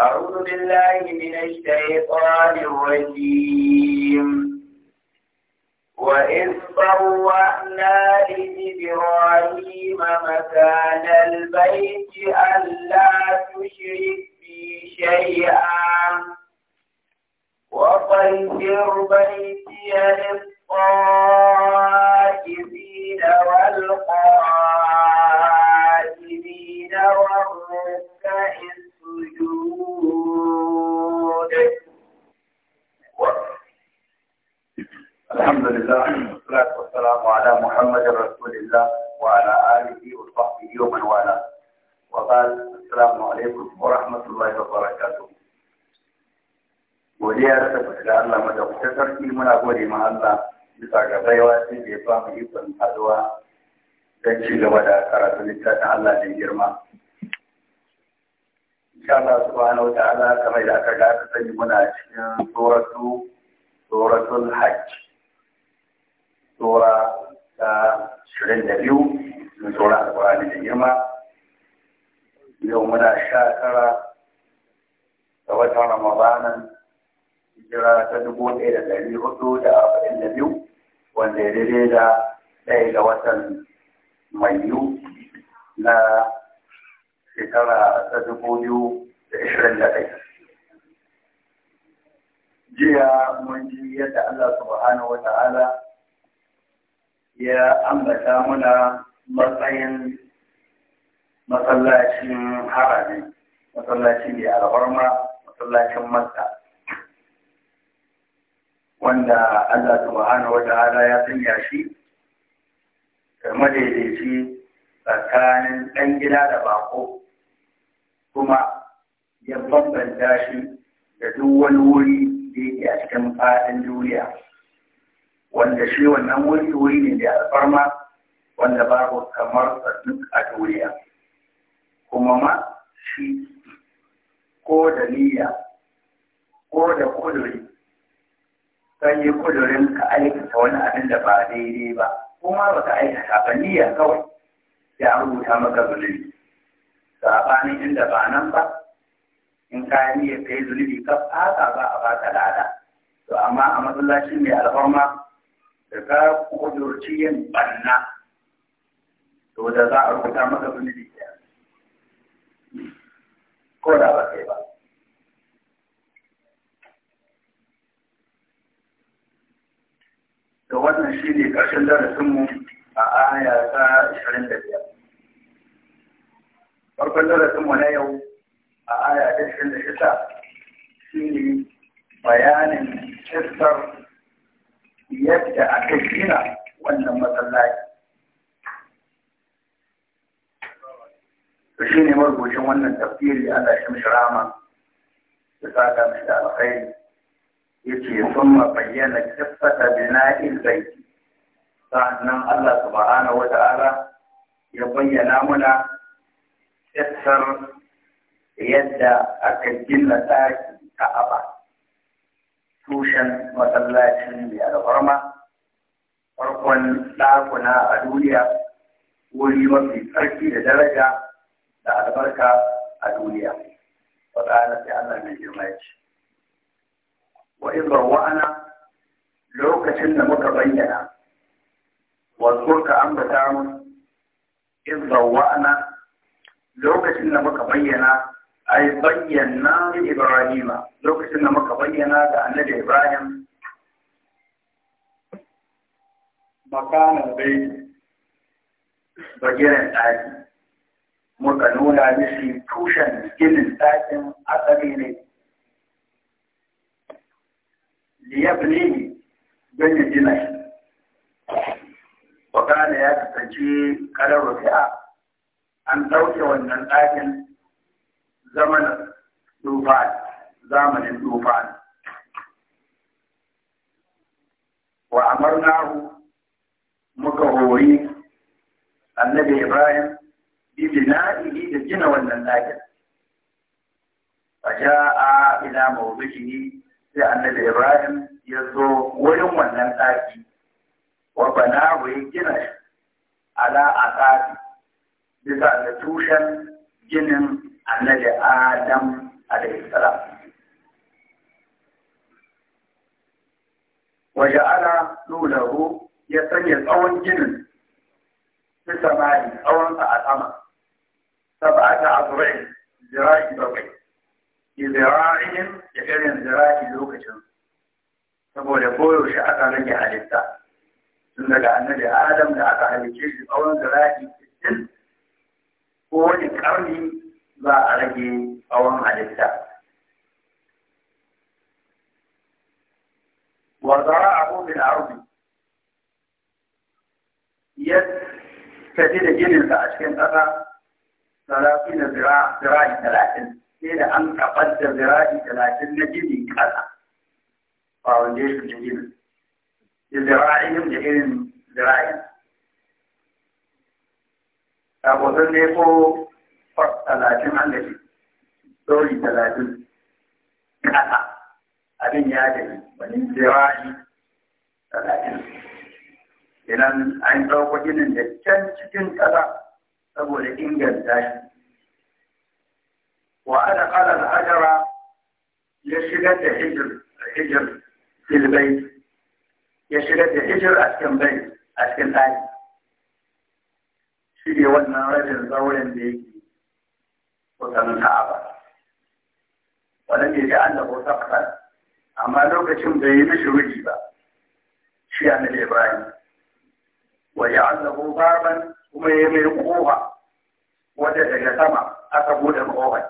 أعوذ بالله من الشيطان الرجيم وإذ طوأنا لإبراهيم مكان البيت ألا تشرك بي شيئا وطيب بيتي للطائفين والقائمين والركع السجود الحمد لله والصلاة والسلام على محمد رسول الله وعلى آله وصحبه ومن والاه وقال السلام عليكم ورحمة الله وبركاته godiya da tabbata da Allah madaukakin sarki muna gode bisa ga baiwa sai da ya ba mu ikon haduwa don ci gaba da karatun littafin Allah da girma. Insha Allah na wata ala kamar da aka ga aka sani muna cikin tsoratu, tsoratun hajj. Tsora ta shirin da biyu sun a alƙur'ani da girma. Yau muna sha tara ga watan Ramadanan hijira ta dubu ɗaya da ɗari hudu da arba'in da biyu wanda ya daidai da ɗaya ga watan mayu na shekara ta dubu biyu da ishirin da ɗaya. Jiya mun ji yadda Allah subhanahu wa ta'ala ya ambata muna matsayin masallacin harami, masallaci mai alfarma, masallacin Makka. wanda Allah subhanahu wata'ala ya sanya shi madaidaici tsakanin ɗan gida da bako kuma ya bambanta shi da duk wani wuri da yake a cikin faɗin duniya wanda shi wannan wuri wuri ne da alfarma wanda babu kamar duk a duniya kuma ma shi ko da niyya ko da kuduri sai yi kudurin ka aikata wani abin da ba daidai ba kuma ba ka aikata ba niyya kawai ya rubuta maka zunubi sabanin inda ba nan ba in ka yi niyyar ka yi zunubi ka fata ba a baka lada to amma a masallacin mai alfarma da ka kudurci yin banna to da za a rubuta maka zunubi ko da ba kai ba da wannan shi ne ƙarshen darasinmu a aya ta 25. Farkon darasinmu na yau a aya ta 26 shi ne bayanin kistar yadda aka gina wannan masallaci. Shi ne marubucin wannan tafsiri Allah shi mishi rama da sa ga mishi da alkhairi. yace summa bayyana qissata bina'in bayt sannan Allah subhanahu wata'ala ya bayyana muna qissar yadda aka gina ɗaki Ka'aba tushen masallacin mai alfarma farkon ɗakuna a duniya wuri mafi tsarki da daraja da albarka a duniya. Wata sai Allah mai girma ya ce. wa in rawa'ana lokacin da muka bayyana wasu ka ambata mu in rawa'ana lokacin da muka bayyana ay bayyana li ibrahima lokacin da muka bayyana ga annabi ibrahim makanan ɗaki muka nuna mishi tushen ginin ɗakin asali ne liyabni don ya gina shi wakana ya kasance karar rufi'a an ɗauke wannan ɗakin zamanin tufan zamanin tufan wa amarnahu muka hori annabi ibrahim bi da gina wannan ɗakin fa ja'a ila mawdihi sai annabi Ibrahim ya zo wurin wannan ɗaki wa bana ya gina shi ala aqabi bisa da tushen ginin annabi Adam alaihi salam wa ja'ala lulahu ya sanya tsawon ginin bisa mai tsawon sa a sama sab'ata azra'i zira'i bakwai izira'ihim da irin zira'i lokacin saboda koyaushe aka rage halitta tun daga annabi adam da aka halice shi tsawon zira'i 60 ko wani karni za a rage tsawon halitta wa zara'ahu bil ardi ya tafi da gininsa a cikin ƙasa talatin da zira'i talatin sai da an kafar da zira'i talatin na jini ƙasa ba wanda ya shi jini da zira'in da irin zira'in abokan ne ko fak talatin an gaji tsori talatin ƙasa abin ya gani wani zira'i talatin idan an ɗauko ginin da can cikin ƙasa saboda inganta shi وأدخل الحجر يشدد حجر حجر في البيت لشدة حجر أسكن بيت أسكن بيت شيء وانا رجل زول بيجي وكان كعبة ولم يجعل له سقفا أما لو لوكشن بيمشي وجيبا في من إبراهيم وجعل له بابا وما يملكوها وجد سما أتبوه الغوغي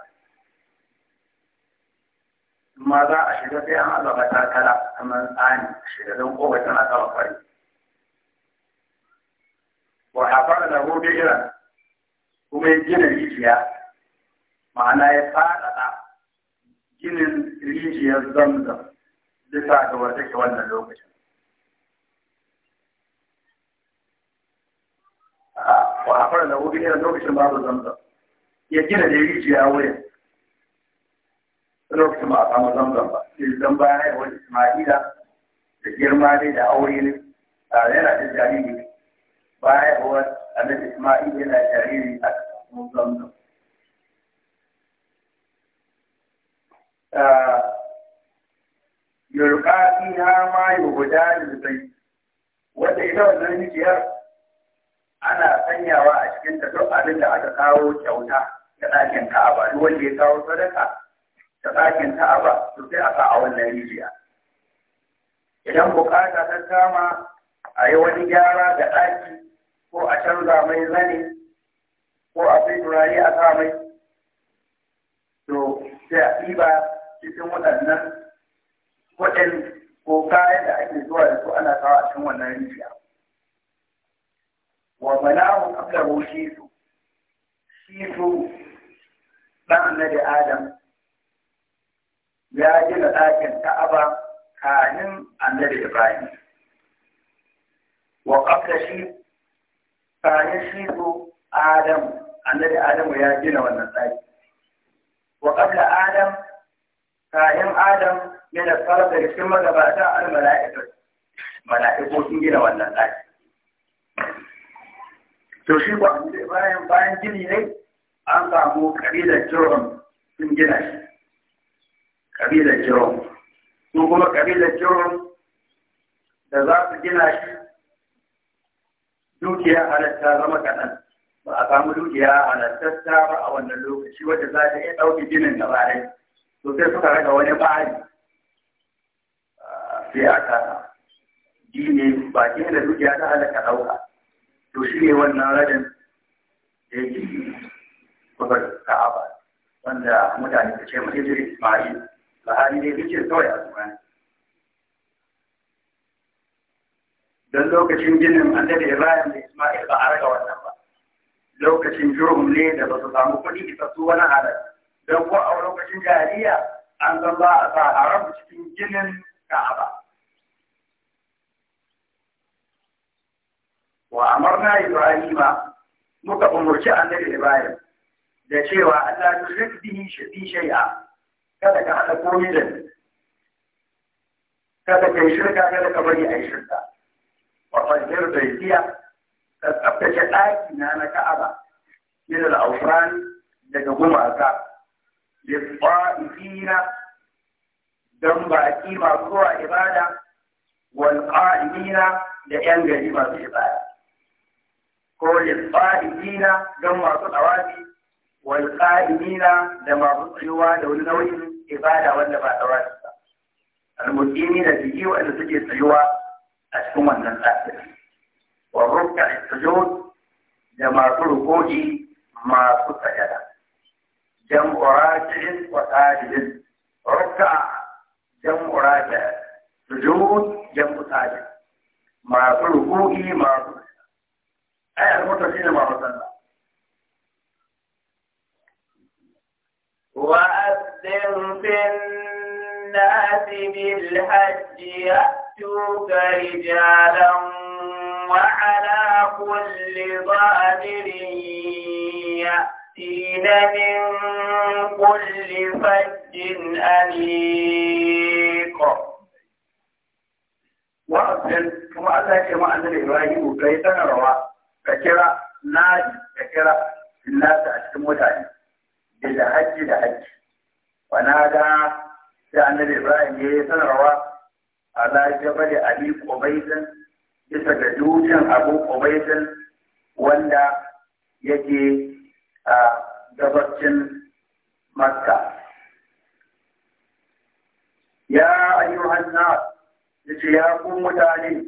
ma za a shiga sai an haɗa matakala kamar tsani shiga don ƙofa tana sama fari wa hafara da gobe iran kuma ya gina rijiya ma'ana ya faɗaɗa ginin rijiyar zamzam bisa ga wata ke wannan lokacin wa hafara da gobe iran lokacin babu zamzam ya gina da rijiya wurin lokacin ba a samu zamzam ba sai zan bayan haihuwar isma'ila da girma ne da aure ne a yana da jariri Baya bayan haihuwar annabi isma'ila yana jariri a samu zamzam ah, yurka fiha ma guda da lil wanda ita wannan rijiyar ana sanyawa a cikin ta duk abin da aka kawo kyauta ga ɗakin Ka'aba duk wanda ya kawo sadaka da ɗakin ka'aba to sai a sa a wannan rijiya idan bukata ta kama a yi wani gyara da ɗaki ko a canza mai zane ko a sai turare a sa mai to sai a ɗiba cikin waɗannan kuɗin ko kayan da ake zuwa da su ana kawo a cikin wannan rijiya wa bala'u qablahu Su su ɗan annabi adam ya gina ɗakin ka'aba kanin annabi Ibrahim. Wa ƙafta shi kanin shi su Adam, annabi Adamu ya gina wannan ɗaki. Wa ƙafta Adam, kanin Adam yana fara da cikin magabata al-mala'ikar, sun gina wannan ɗaki. To shi ba annabi Ibrahim bayan gini ne an samu ƙabilar jiran sun gina shi. ƙabilar jiron ko kuma ƙabilar jiron da za su gina shi dukiya halatta zama kaɗan ba a samu dukiya halattasta ba a wannan lokaci wadda za ta iya ɗauki ginin gaba ɗaya to sai suka raga wani bari sai aka gine ba da dukiya ta halatta ɗauka to shi ne wannan rajin da yake kusa ka'aba wanda mutane ta ce mu Ismail alhali dai zikirin kawai asuba ne don lokacin ginin annabi Ibrahim da Ismail ba a raga wannan ba lokacin jurum ne da ba su samu kuɗi isa su wani halar don ko a lokacin jariya an san ba a sa a rabu cikin ginin Ka'aba wa amarna Ibrahima muka umurci annabi Ibrahim da cewa Allah ya shirki bihi shay'a kada ka haɗa komi da ni, kada ka yi shirka kada ka bari a yi shirka wa fajjar baitiya ka tsaftace ɗaki na na ka'aba min al daga gumaka li qa'ifina dan baki masu zuwa ibada wal qa'imina da yan gari masu ibada ko li qa'ifina dan masu tawafi wal qa'imina da masu tsayuwa da wani nau'in ibada wanda ba tsawata al-muqimi da jiki wanda suke tsayuwa a cikin wannan tsarin wa rukka sujud da masu ruku'i masu sajada jam'u raki'in wa sajidin rukka jam'u raki'in sujud jam'u masu masu وأذن في الناس بالحج يأتوك رجالا وعلى كل ظاهر يأتين من كل فج أليق وأذن كما أذن كما أذن إبراهيم كيف نروى فكرة ناجي فكرة الناس أشتموا ذلك da hajji da hajji wana da sai annabi ibrahim ya yi sanarwa ala jabal abi qubaisin bisa ga dutsen abu qubaisin wanda yake a gabacin makka ya ayyuhan nas yace ya ku mutane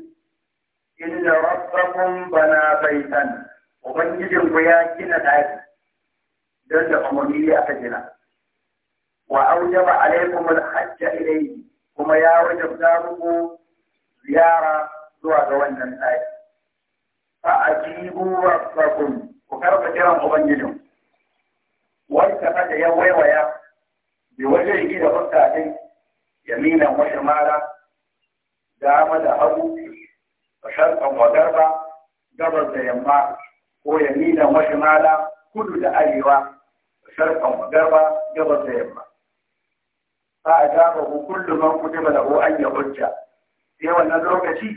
inna rabbakum bana baitan ubangijinku ya gina daki دون وأوجب عليكم الحج إليه وما يا وجب زيارة دوا دوان ننتاج فأجيبوا ربكم وكرة جرم أبنجلهم والتفت يوي ويا بوجه إلى فتاته يمينا وشمالا دام ذهبوا وشرقا وغربا قبل زيما ويمينا وشمالا كل ذا شرقا وغربا جبل زيما فأجابه كل من كتب له أن يحج sai wannan lokaci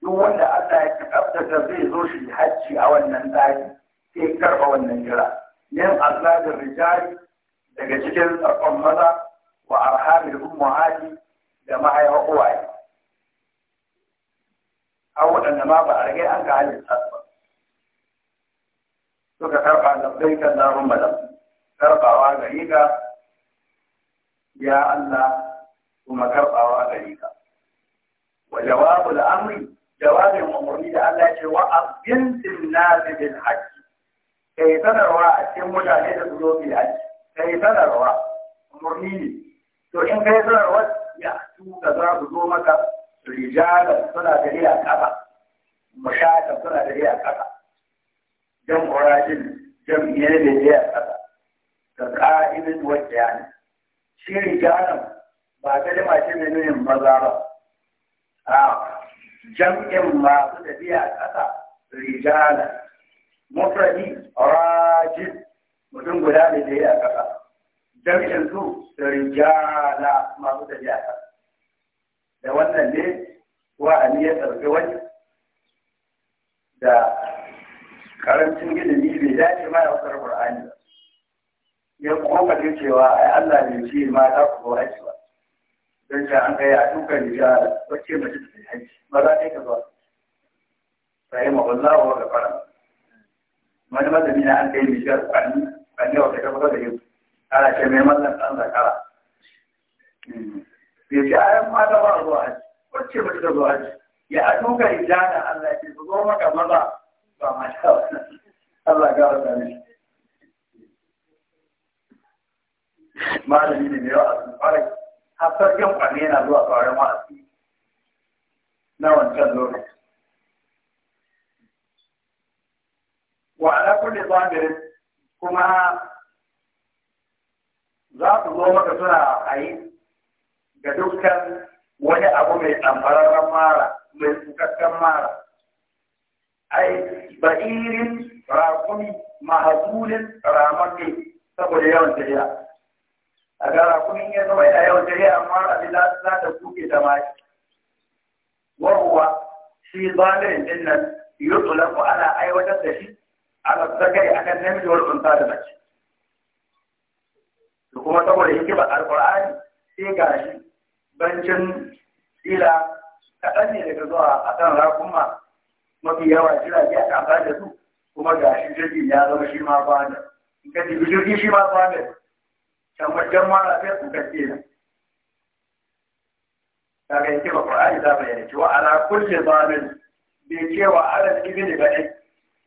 duk wanda Allah ya kaddasa zai zo shi hajji a wannan tsari sai karba wannan jira min azabir rijali daga cikin tsakon maza wa arhamil ummuhati da mahaifa uwaye a waɗanda ma ba a rage an ga halin tsatsa suka karɓa labbaika Allahumma labbaik karbawa gare ka ya Allah kuma karbawa gare ka wa jawabul amri jawabin umarni da Allah ce wa abin nasi bil hajj kai sanarwa a cikin mutane da su zo bil hajj kai sanarwa umarni ne to in kai sanarwa ya su ka za ku zo maka rijala suna da a kasa mashaka suna da dare a kasa jam'urajin jam'iyyar da ya a kasa Da ka'idin wacce ya ne. shi rijalan ba ta lima shi mai nuhin maza ba a jam'in masu tafiya a ƙasa rijalan mufradi rajin mutum guda ne da ya a ƙasa jam'in su rijala masu tafiya a ƙasa da wannan ne wa ya ɗauki wani da karancin ilimi bai dace ma ya wasu Qur'ani ba ya kokace cewa ai Allah ne ce mata ku zo haji ba don ta an kai a duka riga wacce mace ta haji ba za ta ka ba. sai ma wallahi wa gafara wani mazami na an kai riga kwanni kwanni wata ta fito da yau ana ce mai mallan dan zakara hmm. bai ce ai mata ba zo haji wacce mace ta zuwa haji ya a duka riga da Allah ke zo maka maza ba mata Allah ga wata malami ne mai wa'azi kwarai har sarkin kwanne yana zuwa tsarin wa'azi na wancan lokaci wa ala kulli zamirin kuma za su zo maka suna hayi ga dukkan wani abu mai tsambararren mara mai tsukakkan mara ai ba'irin rakumi mahazulin ne saboda yawan tafiya a gara kunin ya zama a yau dare amma abin da za ta kuke da shi wahuwa shi zalimin din nan yutsulaku ana aiwatar da shi ala zakari akan namiji wal unta da mace Da kuma saboda hikima alqur'ani sai gashi bancin ila kaɗan ne daga zuwa akan raƙuma mafi yawa jirage a kafa da su kuma gashi jirgin ya zama shi ma bana in ka jirgin shi ma bana can wajen mara sai suka ce na kaga yake ba Qur'ani da bayani cewa ala kulle zalim bai cewa ala ibni ba ne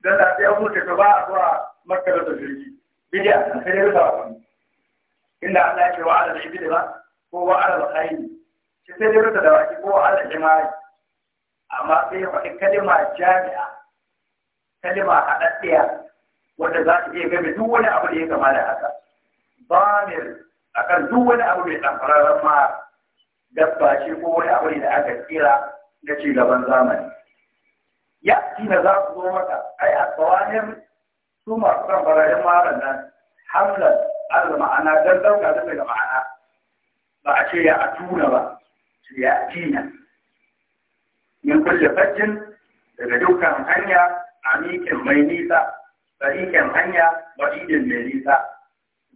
dan da sai mu ta ba a zuwa makka da jirgi bidiya sai dai ba ku inda Allah ya ce wa ala ibni ba ko wa ala khayni sai dai rusa da baki, ko ala jama'i amma sai ya faɗi kalma jami'a kalma haɗaɗɗiya wanda za su iya gami duk wani abu da ya kama da haka bamir kan duk wani abu mai ɗanfararren ma dabba ce ko wani abu ne da aka tsira na ci gaban zamani ya na za su zo maka ai a tsawanin su masu ɗanfararren maran nan hamlan ala ma'ana don ɗauka ta daga ma'ana ba a ce ya a tuna ba ya tina kulle fajjin daga dukkan hanya a mikin mai nisa tsarikin hanya ba'idin mai nisa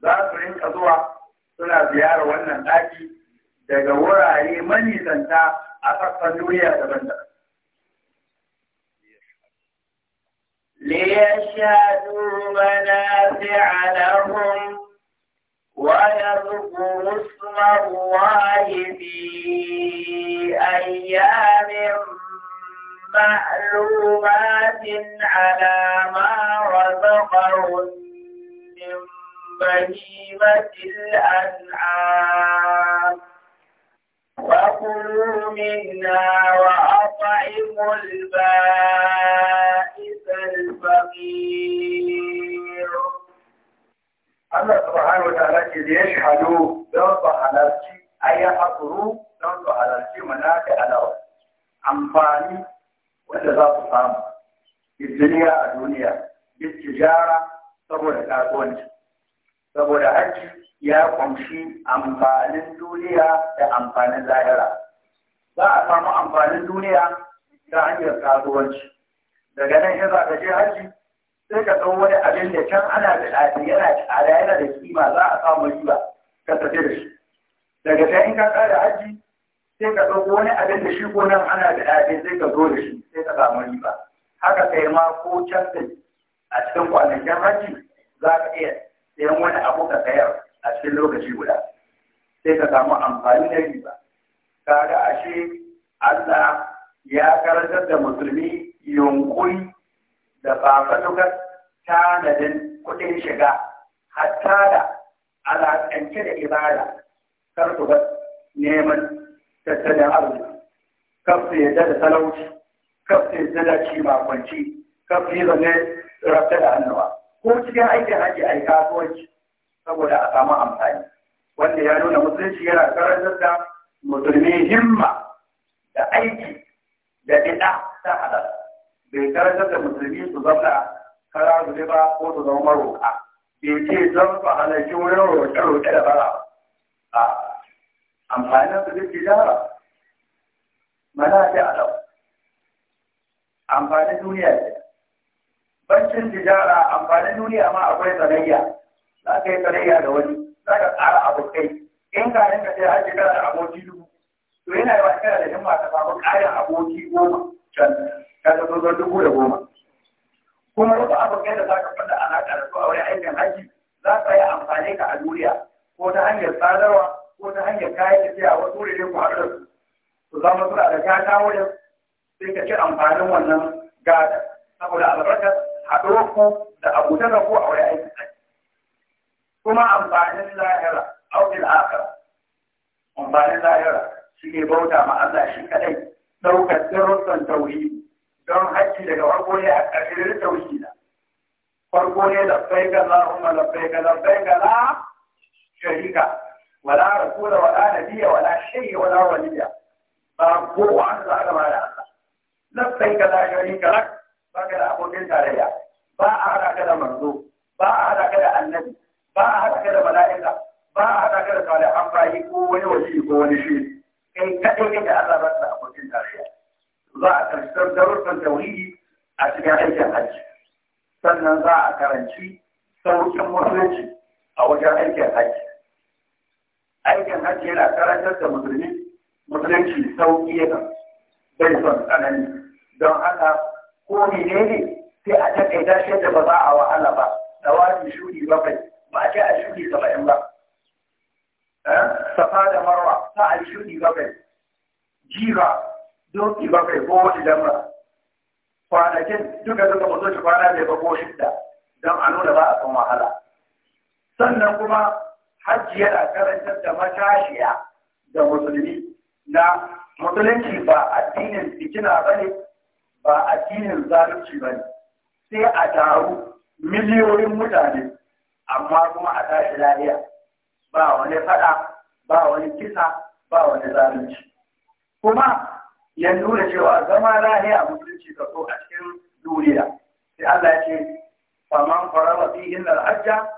za su rinka zuwa suna ziyara wannan ɗaki daga wurare manisanta a sassan duniya daban-daban. ليشهدوا منافع لهم ويذكروا اسم الله في أيام معلومات على ما رزقهم من بهيمة الأنعام وكلوا منا وأطعموا البائس الفقير الله سبحانه وتعالى كذي يشهدوا دوت على الشيء أي أقروا دوت على الشيء مناك على أنفاني وإذا ذات الدنيا الدنيا بالتجارة saboda kasuwanci saboda hajji ya kunshi amfanin duniya da amfanin lahira za a samu amfanin duniya ta hanyar kasuwanci daga nan in za ka je hajji sai ka san wani abin da can ana da ɗafi yana tsada yana da kima za a samu riba ka tafi da shi daga can in ka tsara hajji sai ka ɗauko wani abin da shi ko nan ana da ɗafi sai ka zo da shi sai ka samu riba haka kai ma ko can a cikin kwanakin hajji za ka iya sai wani abu ka sayar a cikin lokaci guda sai ka samu amfani da riba kaga ashe Allah ya karantar da musulmi yunkuri da fafatukar tanadin kuɗin shiga hatta da alaƙance da ibada kar su bar neman tattalin arziki kar su yadda da talauci kar su yadda da makonci kar su yi zane rafta da hannuwa ko cikin aikin haji a yi kasuwanci saboda a samu amfani wanda ya nuna musulunci yana karantar da musulmi himma da aiki da bid'a ta halal bai karantar da musulmi su zama kara su ba ko su zama maroƙa bai ce zan fa halarci wurin roƙe-roƙe da bara a amfanin su duk tijara mana a alau amfanin duniya ce baccin tijara amfanin duniya ma akwai tsarayya za ka yi tsarayya da wani za ka tsara abokai in ka rinka sai har shekara da aboki dubu to yana yawa shekara da himma ta samu ƙarin aboki goma can ka ta zo dubu da goma kuma rufe abokai da za ka fada alaƙa da su a wani aikin haji za ka yi amfani ka a duniya ko ta hanyar sadarwa ko ta hanyar kayan tafiya wasu wurin ku haɗu da su za mu tura da gata wurin sai ka ci amfanin wannan gada saboda albarkar haɗuwar da abuta da ko a wani aiki tsaye kuma amfanin lahira aukin akara amfanin lahira shi ne bauta ma Allah shi kadai ɗaukar darussan tauri don hajji daga farko ne a ƙarshen tauhidi farko ne labbai ga Allahumma labbai ga labbai ga la sharika wala rasula wala nabiyya wala shay'a wala waliya ba kowa an zaga ba da Allah labbai ga la sharika baka da abokin tarayya ba a haɗa ka da ba a haɗa ka annabi ba a haɗa ka da ba a haɗa ka da salihan ko wani wali ko wani shi kai kaɗai kai da Allah da abokin tarayya za a karshen darussan tauhidi a cikin aikin hajji sannan za a musulunci a wajen aikin hajji aikin hajji yana karantar da musulmi musulunci sauƙi yana bai son tsanani don haka ko menene sai a takaita shi da ba za a wahala ba da wani shuri bakwai ba a ce a shuri saba'in ba eh? safa da marwa ta a shuri bakwai jira doki bakwai ko wani damar kwanakin duka suka mutu shi kwana bai ba ko shidda don a nuna ba a san wahala sannan kuma hajji yana karantar da matashiya da musulmi na musulunci ba addinin bikina ba ne ba addinin zalunci ba ne sai a taru miliyoyin mutane amma kuma a tashi lafiya ba wani fada ba wani kisa ba wani zalunci kuma ya nuna cewa zama lafiya mutunci ka so a cikin duniya sai Allah ya ce faman faraba inna al-hajja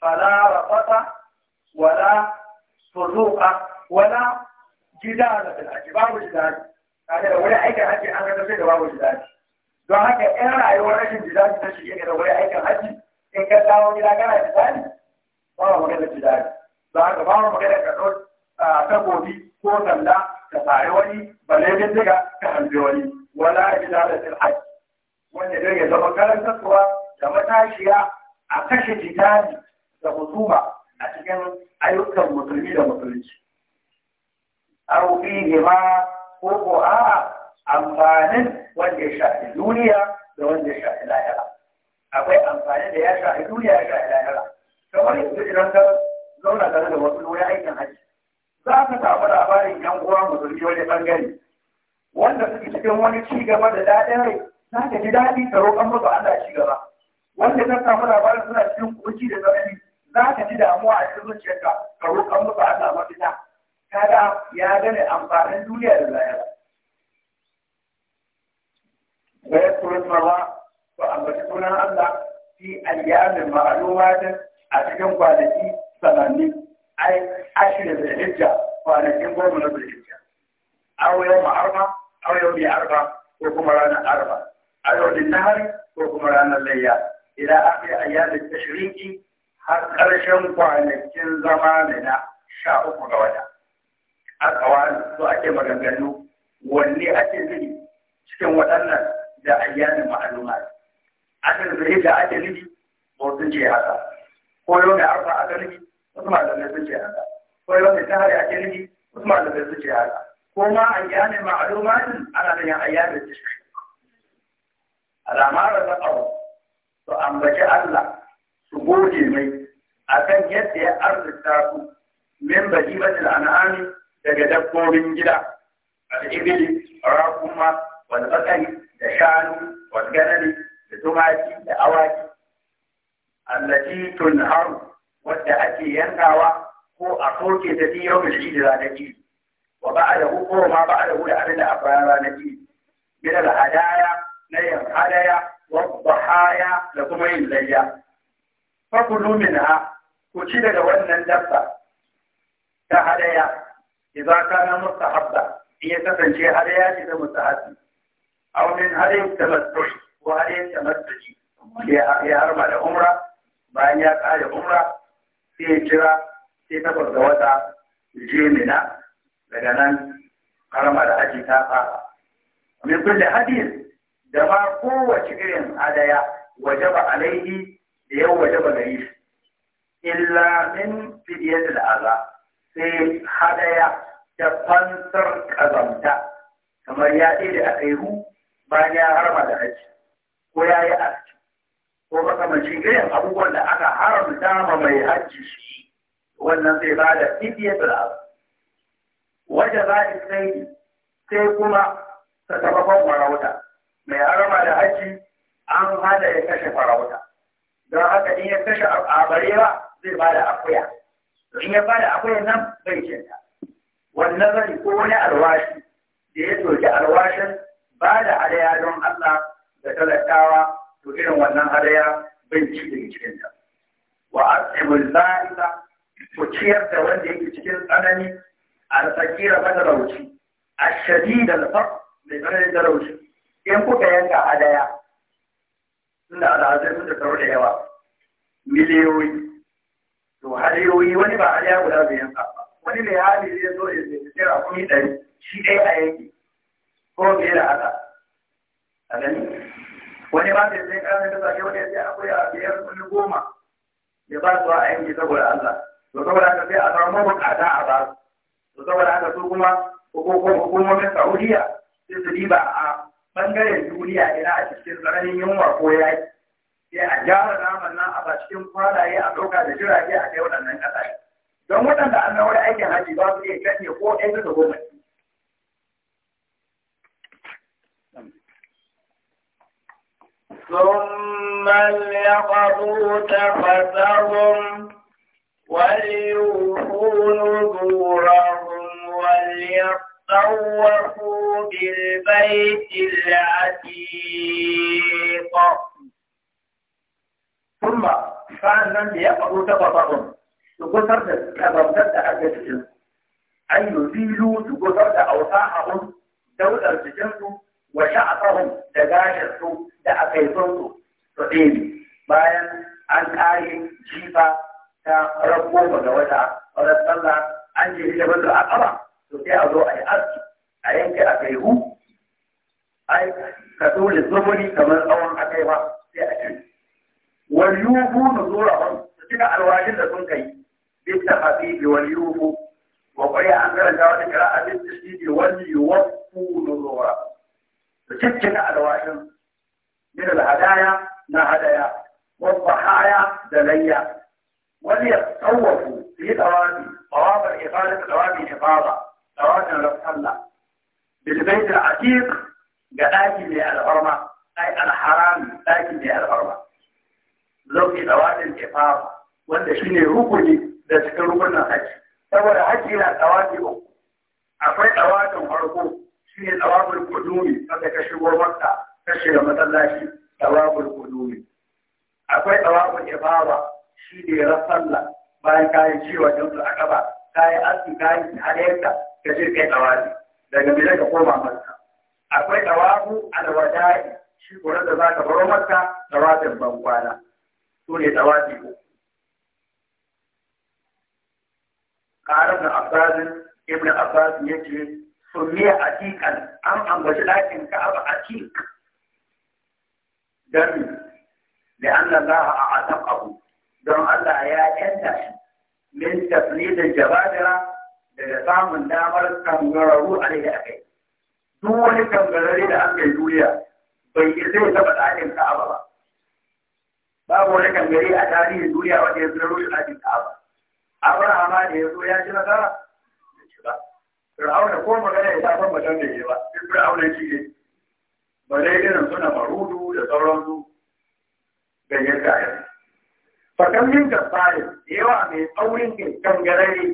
fala rafata wala fuzuqa wala jidala fil hajj babu jidala kaga da wani aikin hajji an ga sai da babu jidali don haka yan rayuwar rashin jidali ta shige da wani aikin hajji in ka dawo gida kana jidali ba mu magana jidali don haka ba mu magana ka ɗau takobi ko sanda ka sare wani balle bindiga ka halbe wani wala jidali fil hajji wanda dai ya zama karantarwa da matashiya a kashe jidali da husuma a cikin ayyukan musulmi da musulunci. Arufi ne ma ko ko a'a amfanin wanda ya shafi duniya da wanda ya shafi lahira akwai amfanin da ya shafi duniya ya shafi lahira kamar yanzu idan ka zauna tare da wasu nuna aikin haji za ka samu labarin yan uwa musulmi wani bangare wanda suke cikin wani ci gaba da daɗin rai za ka ji daɗi ka roƙon musu Allah ci gaba wanda ka samu labarin suna cikin kuci da tsanani za ka ji damuwa a cikin zuciyarka ka roƙon musu Allah mafita kaga ya gane amfanin duniya da lahira wa yadkuru Allah to ambaci sunan Allah fi ayyamin ma'lumatin a cikin kwanaki sananni ai ashirin da hijja kwanakin goma na zulhijja aw yau ma'arba aw yau bi arba ko kuma ranar arba aw yau din nahari ko kuma ranar layya ila akhir ayyamin tashriki har ƙarshen kwanakin zama na sha uku ga wata akawar su ake maganganu wanne ake nufi cikin waɗannan da ayyanin ma'aluma akan zai da ake nufi ko sun ce haka ko yau da arfa aka nufi wasu malamai sun ce haka ko yau da tahari ake nufi wasu malamai sun ce haka ko ma ayyanin ma'aluma ana da yin ayyanin tashrik alamar da ƙawo su ambaci Allah su gode mai akan yadda ya arzuta su min bajibatul an'ami daga dabbobin gida ibili rakuma walbakari da shanu wal da tumaki da awaki allati tunharu wadda ake yankawa ko a soke ta fi yau mai da wa ba a da hukko ma ba a da da abin da a bayan ranar ji hadaya na yin hadaya wa bahaya da kuma yin layya fa kullu minha ku ci daga wannan dabba ta hadaya إذا كان مستحبا هي تتنشي هدايا إذا مستحب أو من هذه التمتع وهذه التمتع يا أربع عمرة بأن يقال عمرة في جرا في تقول دوتا الجيمنا لغنان قرم على أجي تاقا ومن كل حديث دماء قوة شكرين هدايا وجب عليه ليو وجب عليه إلا من فدية الأذى في hadaya da fansar ƙazamta kamar ya ɗaya a kai hu bayan ya harma da haji ko ya yi aski ko makamancin irin abubuwan da aka haramta ma mai hajji shi wannan zai ba da fidiyatul abu wajen za a sai sai kuma sakamakon farauta mai harama da haji an hada ya kashe farauta don haka in ya kashe a ba, zai ba da akuya in ya ba da akuya nan bai kenta. wannan zai ko wani alwashi da ya soki alwashin ba da adaya don Allah da talakawa to irin wannan adaya bai ci daga cikin ta wa asibul ba'ida ku ciyar da wanda yake cikin tsanani al-fakira madarauci ashadid al faq mai tsananin talauci in kuka yanka adaya tunda al'adar sun da da yawa miliyoyi to hadayoyi wani ba adaya guda zai yanka wani mai hali zai zo ya zai sai rakumi ɗari shi ɗaya a yanki ko fiye da haka a gani wani ba zai zai ƙarfi da sake wani ya zai akwai a biyar kuma goma ya ba su a yanki saboda Allah to saboda haka sai a samu mabukata a ba su to saboda haka su kuma hukumomin Saudiya sai su diba a bangaren duniya ina a cikin tsananin yunwa ko yaki sai a gyara naman nan a ba cikin kwalaye a ɗauka da jirage a kai waɗannan ƙasashe don waɗanda an wani aikin haji ba su iya ko goma ثم ليقضوا تفتهم وليوفوا نذورهم وليطوفوا بالبيت العتيق ثم فعلا ليقضوا تفتهم su gusar da kazantar da ake cikin an yi zilu su gusar da ausa abun daudar cikinsu wa sha'afahun da gashinsu da aka yi su su ɗebe bayan an ƙare jifa ta rabo ga wata ran sallah an je da wata a ƙaba to sai a zo a yi aski a yanke a kai hu ai ka dole zumuri kamar tsawon akai ba sai a kai wal yubu nuzurahum su cika alwajin da sun kai بالتخفيف وليوفوا وقرئ عن درجة قراءة بالتشديد وليوفوا نذورا تشكل أدوات من الهدايا ما هدايا والضحايا دليا وليتطوفوا في ثوابي ثواب الإقامة ثواب الإفاضة ثواب الصلاة بالبيت العتيق قاتل قداكي للغرمة أي الحرام قداكي للغرمة زوجي ثواب الإفاضة ولا شنو ne rukuni da cikin rukunan haji saboda haji na tsawafi uku akwai tsawafin farko shi ne tsawafin kudumi wanda ka shigo kashe ka shiga masallaci tsawafin kudumi akwai tsawafin ibaba shi ne rasalla bayan kayan ciwon jinsu a gaba kayan ka yi halayyarka ka je kai tsawafi daga bila ka koma makka akwai tsawafu alwada'i shi kuren da za ka baro makka tsawafin bankwana su ne tsawafi uku ƙara da abbasin ibn abbas ya ce sumiya atikan an ambaci ɗakin ka'aba atik dan da Allah za a الله don Allah ya yanta shi daga samun damar kangararru a da akai duk wani kangarare da aka duniya bai yi zai taɓa ɗakin ka'aba ba babu wani kangare a tarihin duniya wanda ya zaro ka'aba abrahama da ya zo ya ji nasara ya ci ba fir'auna ko magana ya tafan mutum da ke ba duk fir'auna ci ne ba dai irin suna marudu da sauransu ganyen kayan fakan min da yawa mai tsaurin kai kangarare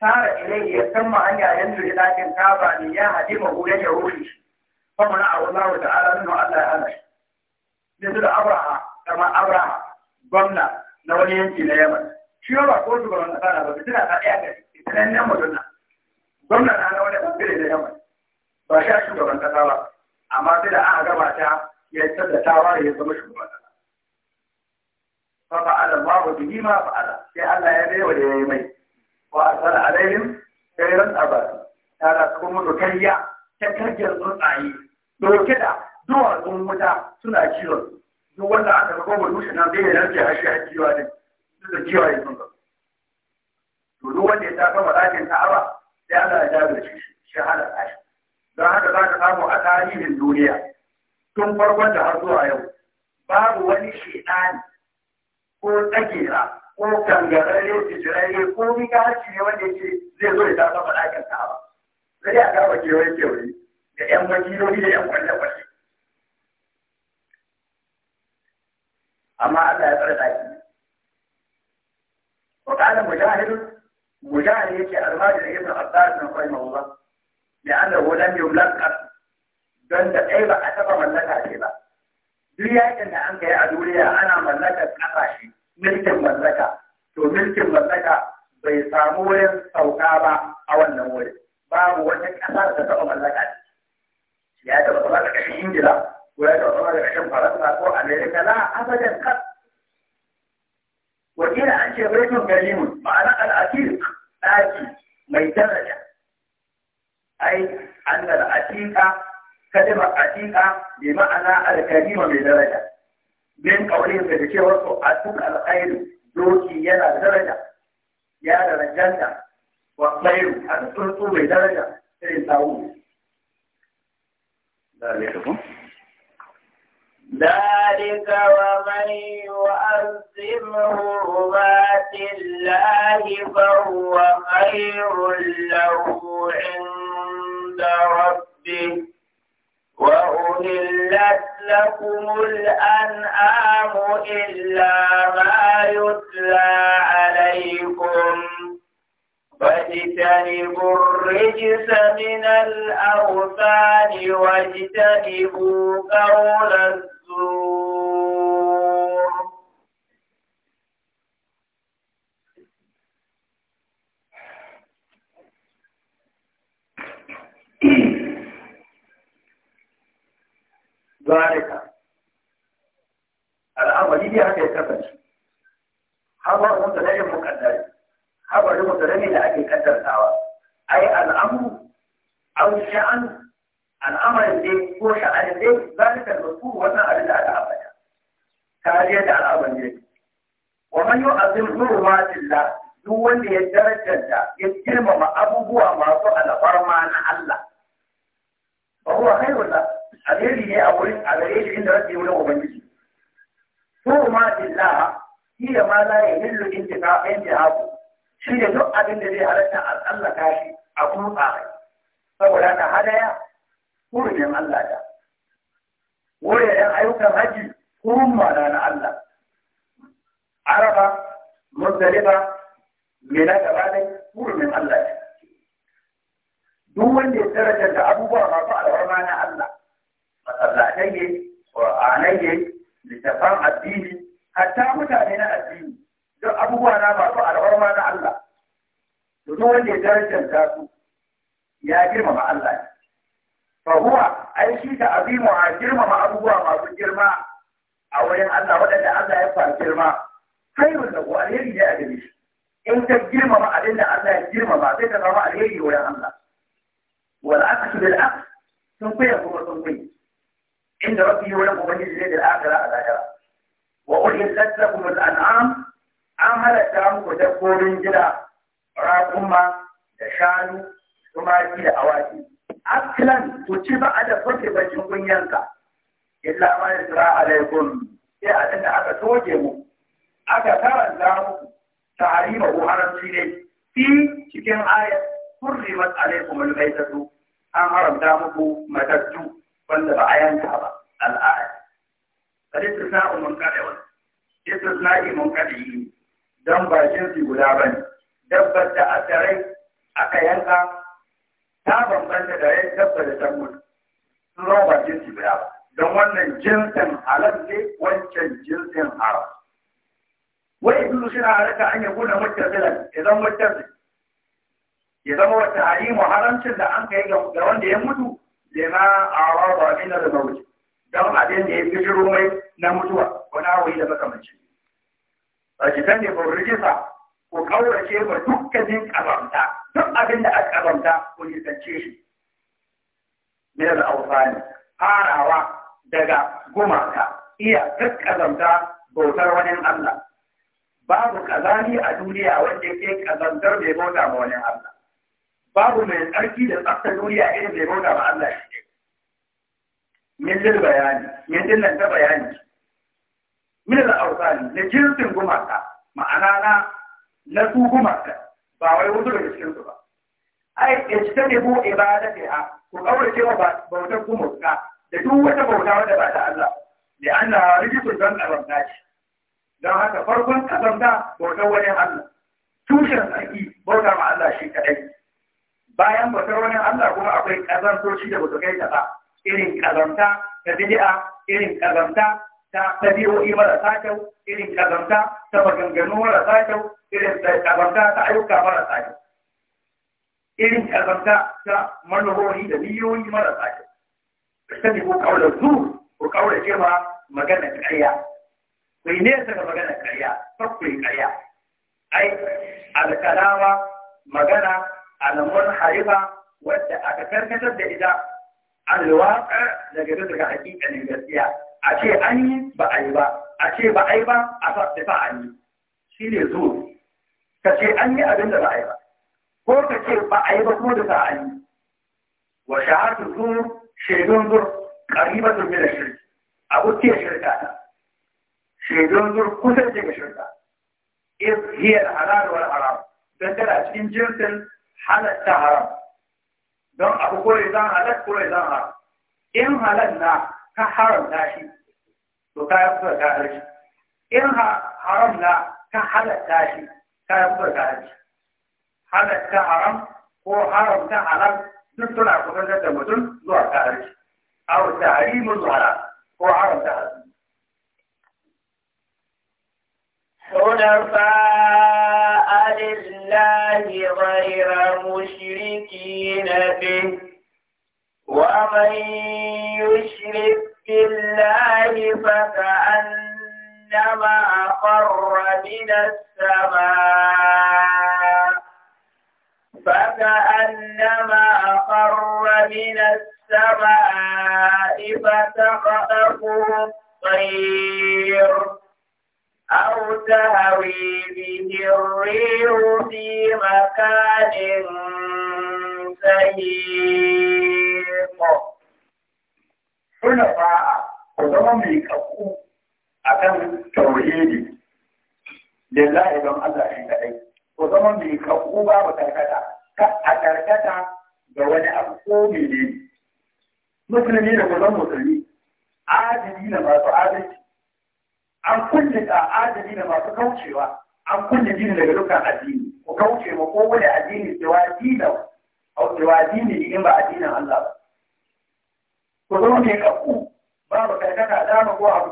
tara ilai ya san ma hanya yanzu da dakin kaba ne ya haɗe ma goyon ya rushe shi kuma na abu Allah ta'ala nuna Allah ya hana shi ne su da abraha kama abraha gwamna na wani yanki na yaman shi ba ko su ba na tsara ba fitina ta ɗaya gari fitinan yan mutum na gwamna na na wani ɓangare da yamma ba shi a shugaban kasa ba amma sai da aka gaba ta ya yi tattatawa ya zama shugaban kasa fa fa'ala ma wa bihi ma fa'ala sai Allah ya bai wa da yayi mai wa asala alaihim khairan abad tara kuma mutayya ta karjar tsuntsaye dauke da duwatsun wuta suna kiwon duk wanda aka ga gobe dushe nan zai yi lafiya shi a kiwa ne da cewa ya zuba to duk wanda ya taka marakin ta'aba sai Allah ya dawo shi shi halaka shi don haka za ka samu a tarihin duniya tun farkon da har zuwa yau babu wani shaitani ko tsagera ko kangararre fijirarre ko migaci ne wanda ya ce zai zo ya taka marakin ta'aba. sai a kama kewaye kewaye da 'yan makiloli da 'yan kwalle-kwalle amma Allah ya tsara ɗaki وقال مجاهد مجاهد يكي أرماجي لي ابن عباس رحمه الله لأنه لم يملقف دون تقيبة أتبع من لك أتبع ليه كنت أنك يا أدولي أنا من لك أتبعشي ملك من لك تو ملك من لك بيصامور أو كابا أو النمور باب وجهك أثار تتبع من لك أتبع يا تبطلع لك شيء جدا ويا تبطلع لك شيء فرصة أو أمريكا لا أبدا قط wakila an ce baitun galimun ma'ana al'atiq ɗaki mai daraja ai an al'atiqa kalimar atiqa bi ma'ana al mai daraja bin kaulin da cewa su atuk al-khairu doki yana da daraja ya darajanta wa khairu an tsuntsu mai daraja irin tawo da alaikum ذلك ومن يؤذم حرمات الله فهو خير له عند ربه وأهلت لكم الأنعام إلا ما يتلى عليكم فاجتنبوا الرجس من الأوثان واجتنبوا قول الصور ذلك الأول يجي هكا يتفج خبر متلازم مقدر خبر متلازم لأكي قدر سوا أي الأمر أو الشأن al'amarin dai ko sha'anin dai zalika al-mazkur wannan abin da aka ambata kariya da al'amarin dai wa man yu'azzim hurumatillah duk wanda ya darajanta ya girmama abubuwa masu alfarma na Allah ba huwa khairun la alheri ne a wurin a gare shi inda rabbi wurin ubangiji hurumatillah shi da ma ya yahillu intifa intihabu shi da duk abin da zai halatta a kashi a kuma tsarai saboda ta hadaya hurumin Allah da wuri ‘yan ayyukan haji hurun mana na Allah araba muzdalifa mena gaba dai hurumin Allah da duk wanda ya daraja da abubuwa masu alwarma na Allah masallatai ne ƙur'anai ne littafan addini hatta mutane na addini duk abubuwa na masu alwarma na Allah duk wanda ya daraja da su ya girmama Allah fahuwa ai shi ta abimu a girmama abubuwa masu girma a wurin Allah waɗanda Allah ya fara girma khairun da alheri ne a gare shi in ka girmama abin da Allah ya girmama sai ka zama alheri wurin Allah wal aqsu bil aqs sun kuya kuma sun kuya inda rabbi wurin ubangiji ne da akara a lahira wa uhillat lakum al an'am an halatta muku dabbobin gida raƙumma da shanu tumaki da awaki Akilan to ci ba a da farke bakin kunyanka illa ma yasra alaikum sai abin da aka toge mu aka karanta muku tahriba ko haramci ne fi cikin ayat hurrimat alaikum almaytatu an haramta muku matattu wanda ba a yanka ba al'ada kadai sa'u mun kada wani istisna'i mun kada yi Don ba su guda ba ne. dabbar da a rai aka yanka ta bambanta da ya dabba da ta mutu sun zama ba jinsi ba don wannan jinsin halal ne wancan jinsin haram wai ibnu suna haraka an yi guna mutazilan idan mutazil ya zama wata harimu haramcin da an kai ga wanda ya mutu lima arada min zama mawt don abin da ya fi shiru mai na mutuwa wani awoyi da makamanci a cikin ne burjisa ku kaurace ma dukkanin ƙazamta duk abin da aka ƙazamta ku nisance shi min da awsani farawa daga gumaka iya duk ƙazamta bautar wani Allah babu kazani a duniya wanda yake ƙazantar mai bauta ma wani Allah babu mai tsarki da tsaftar duniya irin mai bauta ma Allah shi ne min dil bayani min dil nan ta bayani min da awsani da jinsin gumaka ma'ana na na tuhumarta ba wai wasu daga cikinsu ba ai ijtanibu ibadatiha ku kaurace wa bautar gumurka da duk wata bauta wadda ba ta Allah da anna rijisul dan azamta shi don haka farkon azamta bautar wani Allah tushen sarki bauta ma Allah shi kadai bayan bautar wani Allah kuma akwai kazantoci da bautar kai ta ba irin kazanta ta bid'a irin kazanta ta ɗabi'o'i marasa kyau irin ƙazanta ta maganganu mara kyau irin ƙazanta ta ayyuka mara kyau irin ƙazanta ta manuhori da miliyoyi marasa kyau sani ko kaular zu ko kaular cewa magana ƙarya kai nesa da magana karya? farkon karya. ai alkalama magana alamun harifa wadda aka karkatar da ita alwaƙa daga daga hakikanin gaskiya a ce an yi ba a yi ba a ce ba a yi ba a sa ta an yi shi ne zo ka ce an yi abin da ba a yi ba ko ka ce ba a yi ba kuma da sa an yi wa shahatu zu shaidun zur qaribatun min da shirki? abu ke shirka ta shaidun zur kusa ce ga shirka iz hiya al-halal wal haram dan tana cikin jinsin halatta haram don abu ko ya zan halal ko ya zan haram in halal na ka haramta shi to ka yi kuka kafirci in haramta ka halatta shi ka yi kuka kafirci halatta haram ko haramta halal duk suna kusantar da mutum zuwa kafirci aw tahrimul haram ko haramta halal حنفاء لله غير مشركين به ومن يشرك بالله فكأنما خر من السماء فكأنما خر من السماء فتخطفه الطير أو تهوي به الريح في مكان سهيل nuna fa'a ku zama mai kaku a kan tauhidi yi don Allah shi kaɗai ku zama mai kaku babu karkata a karkata da wani abu ko ne musulmi da kuzan musulmi adali da masu adalci an kulle ta adali da masu kaucewa an kulle dini daga dukkan addini ku kauce ma ko wani addini cewa dinan cewa dini in ba addinin Allah ba ku zama mai kakku kai karkata dama ko abu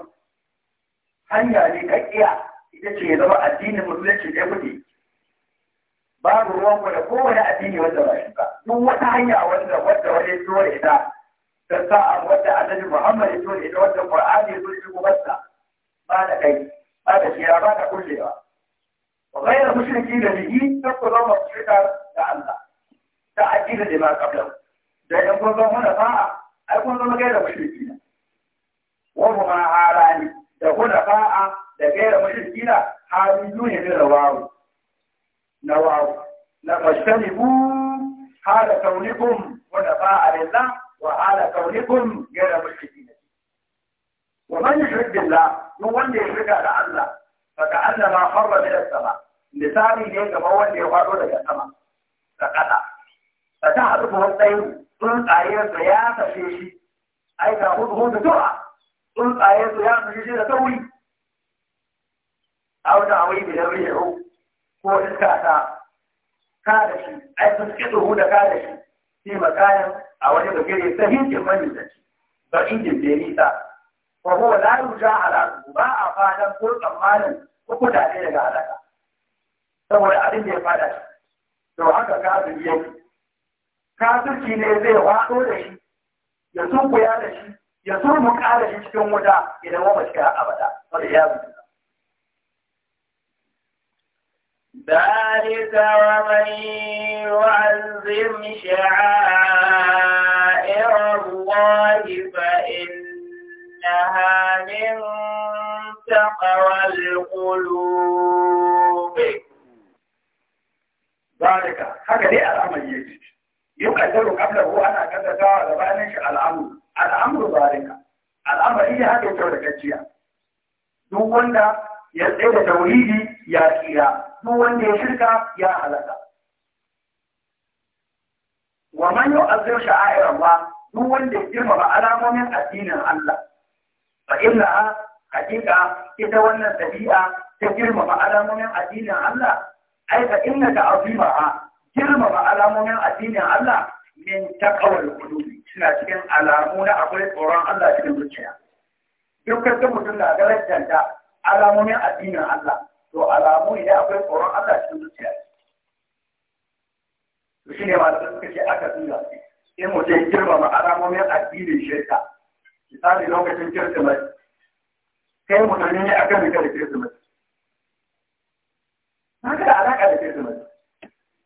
hanya ne kakkiya ita ce ya zama addinin musulunci ɗaya kuɗi babu ruwan ku da kowane addini wanda ba shi ba duk wata hanya wanda wanda wani ya zo da ita ta sa'a wanda annabi Muhammad ya zo da ita wanda Qur'ani ya zo da ita ba da kai ba da shira ba da kullewa غير da به Ta مشركا da تعجيل لما Da ده يقول هنا fa'a. ai kun zama gaira mushriki na wa huma harani da hunafa'a da gaira mushriki na halin yuhi ne da wawu na wawu na fashtanibu hala kaunikum hunafa'a lillah wa hala kaunikum gaira mushriki wa man yushrik billah duk wanda ya shirka da Allah faka Allah ma harba as-sama misali ne kamar wanda ya faɗo daga sama ta kada ta ta hadu ko tsuntsayensa ya tafe shi ai ga hudu hudu du'a tsuntsayensa ya tafe shi da sauri a wani awai da dauri ya ko iska ta ka da shi ai sun suke tsohu da ka da shi shi makayan a wani bagire sahihin mani da shi ba injin da ya nisa wa huwa la yuja ala ba a fadan ko tsammanin ko kudade daga halaka saboda abin da ya fada shi to haka ka yake kafirci ne zai waɗo da shi ya sunkuya da shi ya turmuka da shi cikin wuta idan wa shiga abada wanda ya zuci ذلك ومن يعظم شعائر الله فإنها من تقوى القلوب ذلك هكذا الأمر يجي يقدر قبله أنا كذا كذا بأن الأمر الأمر ذلك الأمر إيه هذا تولكتشيا دو وندا يزيد توليدي يا كيرا دو وندا يشركا يا هلكا ومن يؤذر شعائر الله دو وندا يجرم على ممن الدين الله فإنها حقيقة إذا وندا سبيئة تجرم على ممن الدين الله أي فإنك عظيمها girmama alamomin addinin Allah min taqawal qulubi suna cikin alamu na akwai tsoron Allah cikin zuciya duk kaga mutum na darajanta alamomin addinin Allah to alamu ne akwai tsoron Allah cikin zuciya to shi ne masu suka ce aka tsira in mutum girmama alamomin addinin shirka misali lokacin kirsimati kai mutane ne akan da kirsimati na da alaƙa da kirsimati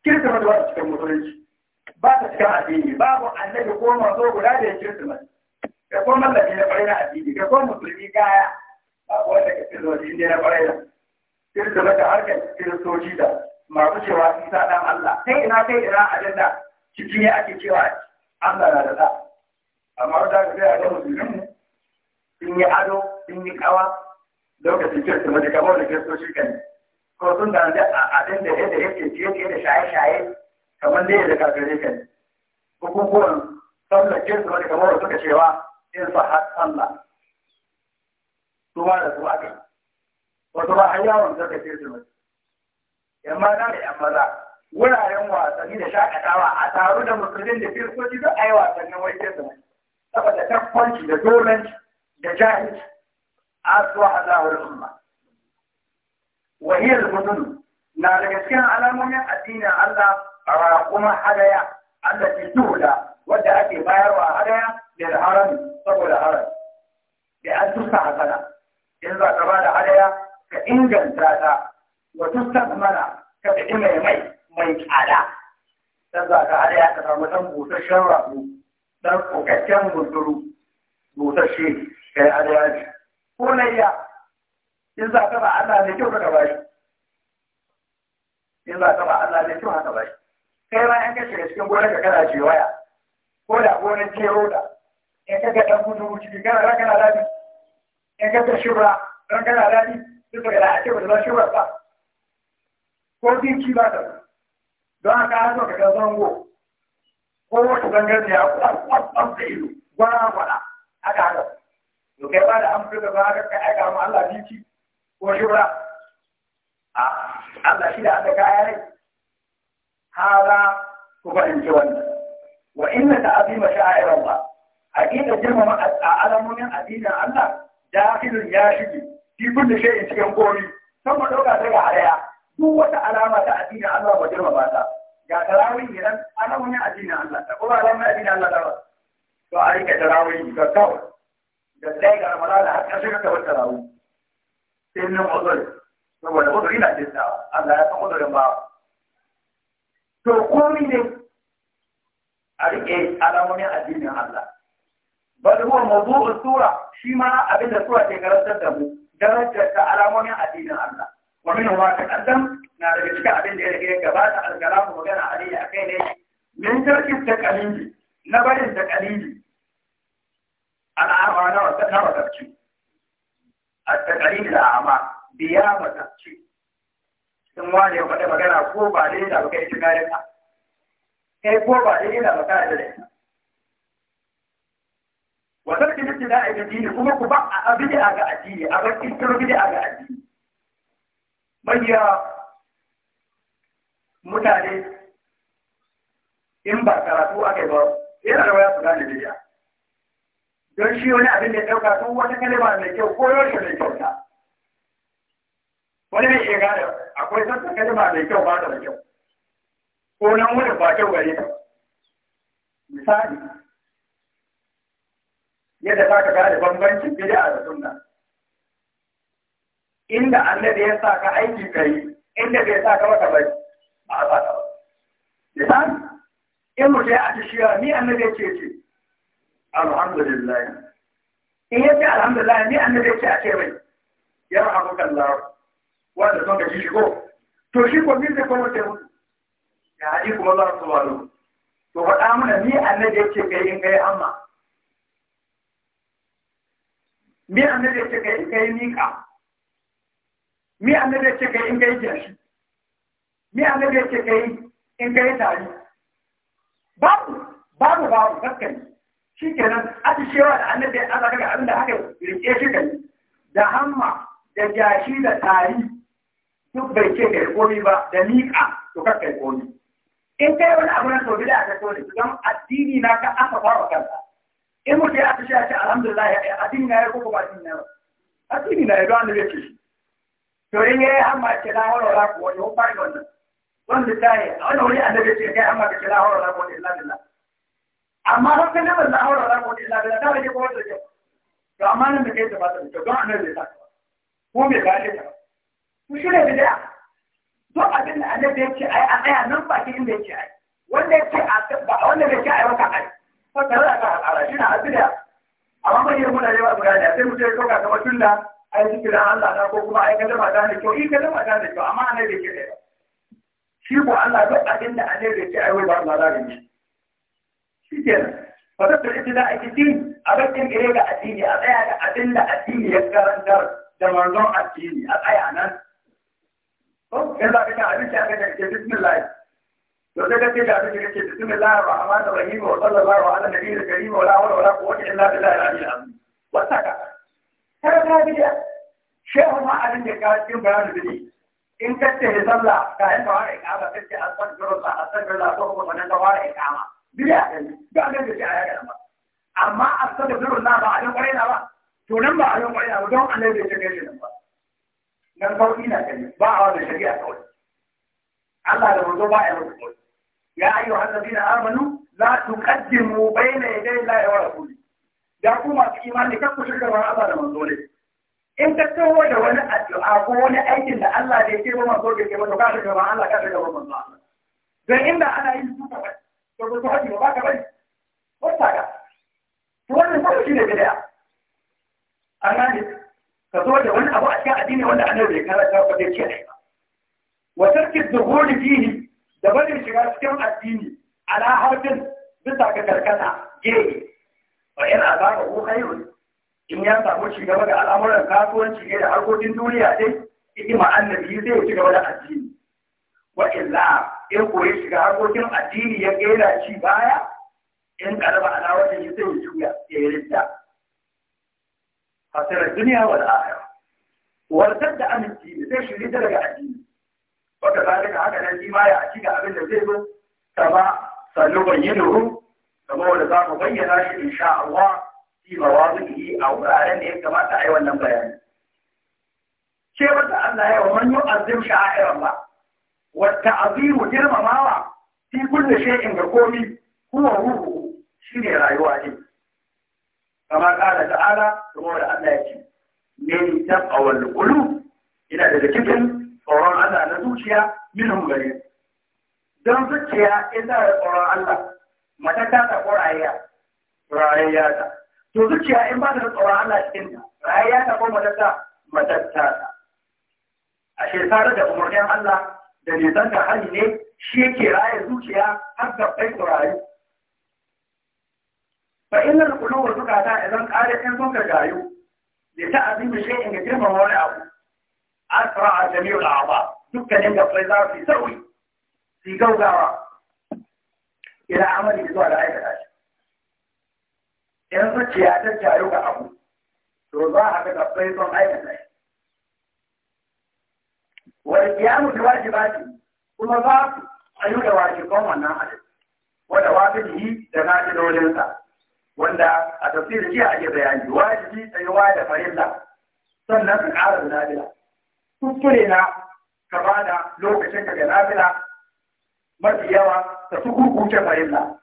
kirsimas ba ta cikin musulunci ba ta cikin addini babu annabi ko mazo guda da ya kirsimas Ka ko mallaki na kwarai na addini Ka ko musulmi kaya babu wanda ka kirsoci ne na kwarai na kirsimas da harkar kirsoci da masu cewa isa dan Allah sai ina sai ina abin da ciki ne ake cewa Allah na da da amma da ga sai ga musulmi sun yi ado sun yi kawa lokacin kirsimas da kamar da kirsoci kan ko sun ga a abin da yadda yake ciye da shaye-shaye kamar da yadda kafirai kan hukukuwan sallar jinsu wani kamar suka cewa in su har sallah su da su aka yi wasu ba har yawon suka ce su mai yan mata da yan maza wuraren wasanni da shakatawa a taru da musulmin da firkoci duk a yi wasannin wajen su mai saboda takwanci da dolanci da jahilci a zuwa a zahar umma wa hiya na daga cikin alamomin addinin Allah kuma hadaya Allah ce duhula wanda ake bayarwa Adaya da harami saboda harami da an tusa hasana in za ka bada hadaya ka inganta ta wa tusa mana ka fi mai mai tsada dan za ka hadaya ka samu dan busasshen rago dan kokakken bunturu busasshe kai hadaya ko layya in za ta ba Allah ne kyau ka ba shi in za ka ba Allah ne kyau haka ba shi kai ma in ka cikin gonar ka kana ce waya ko da gonar ce da in ka ga dan gudu ciki kana ran kana dadi in ka ga shubra ran kana dadi duk da a ce ba za shura ba ko din ci ba da don haka an zo ka ga zango ko wata zangar da ya kwakwakwak da ido gwara gwara haka haka to kai ba da an fito da ba haka ka aika ma Allah dinki ko shura a Allah shi da aka kaya ne hada ku fahimci wannan wa inna ta'zima sha'air Allah hakika girmama alamomin addinin Allah dakhilun ya shige fi kulli shay'in cikin komai san mu dauka daga haraya duk wata alama ta addinin Allah ba girmama ta ga tarawih idan alamomin addinin Allah ta kuma alamomin addinin Allah ta to a rike tarawih ga kawai da sai ga Ramadan har kashe ka tarawih sai min uzuri saboda uzuri na jinta Allah ya san uzurin ba to komi ne a rike alamomin addinin Allah bal huwa mawdu'u sura shi ma abinda sura ke karantar da mu darajar ta alamomin addinin Allah wa min huwa taqaddam na daga cikin abin da ya rage ta al-kalamu magana alayhi akai ne min tarkin takalili na barin takalili al'amana wa ta tafsir A التقريب الأعمى بيامة شيء sun wane faɗa magana ko ba dai da baka yi tunanin ka kai ko ba dai da baka yi da ita wannan da nake da addini kuma ku ba a abidi a ga addini a ga kintaro bidi a ga addini manya mutane in ba karatu aka yi ba yana da waya su gane bidiya don shi wani abin da ɗauka sun wata kalma mai kyau ko yaushe mai kyau ta wani mai shiga da akwai sassa kalma mai kyau ba ta da kyau ko nan wurin ba kyau gare ta misali yadda za ka gane bambancin bid'a da sunna inda annabi ya sa ka aiki ka yi, inda bai sa ka maka bai ba a sa ka ba misali in mutum ya ci shiya ni annabi ya ce ce alhamdulillah in yace alhamdulillah ne annabi yace a ce mai yarhamuka Allah wanda son ka ji shi ko to shi ko min zai kuma ce mutu ya haji kuma su subhanahu to faɗa mana ni annabi yace kai in kai amma me annabi yace kai in kai miƙa me annabi yace kai in kai jashi me annabi yace kai in kai tari babu babu babu gaskiya shi kenan atishewa da annabi ya tsaka daga abin da haka rike shi kai da hamma da gashi da tari duk bai ce kai komi ba da miƙa to kar kai komi in kai wani abu na to bida ka tone don addini na ka aka fara kanka in mutum ya tashi ya ce alhamdulillah addini na ya koko ba addini na ba addini na ya don annabi ya ce shi to in yayi hamma ce na horo ra ko wani ko ba wannan ta yi a wani annabi ya ce kai hamma ka ce na horo ra ko wani illa billah amma ba kan nan da haura ran wani ina da ta rage kowa da kyau to amma nan da kai da fata to don annabi ya saka ko me ba ne ku shirya ya? to abin da annabi ya ce ai a tsaya nan baki inda ya ce ai wanda yake a ba wanda yake ai ba ai ko tare da ka al'ara shi na abida amma mai yin mutane ba su sai mutum ya kauka kamar tunda ai zikirin Allah na ko kuma ai kalma ta da kyau in kalma ta da kyau amma annabi ya ce da shi ko Allah duk abin da annabi ya ce ai wai ba Allah ne. shi kenan ba za ta ita a cikin a bakin gare ga addini a tsaya ga abin da addini ya karantar da manzon addini a tsaya nan to yanzu a kaga abin da aka ce bismillah to sai kace ga abin da kace bismillahir rahmanir rahim wa sallallahu ala nabiyil karim wa la hawla wa la quwwata illa billahi al-aliyyil azim wa saka kada ka bi da shehu ma abin da ka cikin bayanin bidi in ka ce sallah ka yi tawara ikama kace astaghfirullah astaghfirullah ko kuma nan tawara ikama biya kai ga nan da shi a yaga ba amma a saba zurun na ba a yan kwarai na ba to nan ba a yan kwarai na ba don Allah bai shiga shi nan ba nan sauki na gani ba a wani shari'a kawai Allah da manzo ba Ya yi kawai ya ayyu hadzina amanu la tuqaddimu bayna yaday la wa rasuli da kuma imani kan ku shirka wa Allah da manzo ne in ka kawo da wani addu'a ko wani aikin da Allah da yake ba manzo da yake ba to ka shirka wa Allah ka shirka wa manzo Allah dan inda ana yin su ka ba to ko haji ba ka bari wata ga to wannan sai shi ne bid'a amma ne ka zo da wani abu a cikin addini wanda annabi bai karanta ba bai ce wa tarki dhuhuri fihi da barin shiga cikin addini ala harbin bisa ga karkata gehe wa in azaba ko in ya samu ci gaba da al'amuran kasuwanci ne da harkokin duniya dai hikima annabi zai ci gaba da addini wa illa in koyi shiga harkokin addini ya gaira ci baya in kalaba ala wata yi zai juya ya yi ridda fasirar duniya wal akhirah wartar da aminci da zai shiri da daga addini wata zalika haka nan shi ya aci ga abin da zai zo kama sannu bayyana hu kama wanda za mu bayyana shi insha Allah fi mawazihi a wuraren da ya kamata a yi wannan bayani ce wata Allah ya wa man yu'azzim ba, wata ta'zimu girmamawa fi kulle shay'in ga komi huwa ruhu shi ne rayuwa ne kama ƙara ta'ala kuma da Allah ya ce ta taqawal qulub ina daga cikin tsoron Allah na zuciya min gare don zuciya in za a tsoron Allah mata ta ta ƙorayya rayayya ta to zuciya in ba ta tsoron Allah cikin ta rayayya ta ko mata ta mata ta a tare da umarnin Allah da nisan da hali ne shi yake raye zuciya har gabbai ƙorayi fa inna al-qulub zukata idan qala in sun ka gayu da ta azimi shay'in ga girma wani abu asra jami'ul a'dha dukkanin gafai za su yi sauri su gaugawa ila amali zuwa da aikata shi in zuciya ta jayo ga abu to za a ga shi kuma za su ayu da wajiban wannan hadisi wanda yi da na ji dolinsa wanda a tafsir jiya ake bayani wajibi tsayuwa da farilla sannan su ƙara da nafila kuskure na ka bada lokacin ka ga nafila mafi yawa ta su kurkuce farilla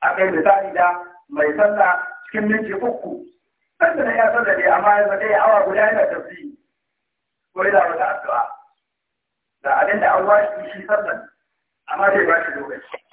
a kai misali da mai sallah cikin minti uku sannan ya sanda ne amma ya zaɗe awa guda yana tafsiri ko yana wata addu'a da abin an washe shi sannan amma zai ba shi lokaci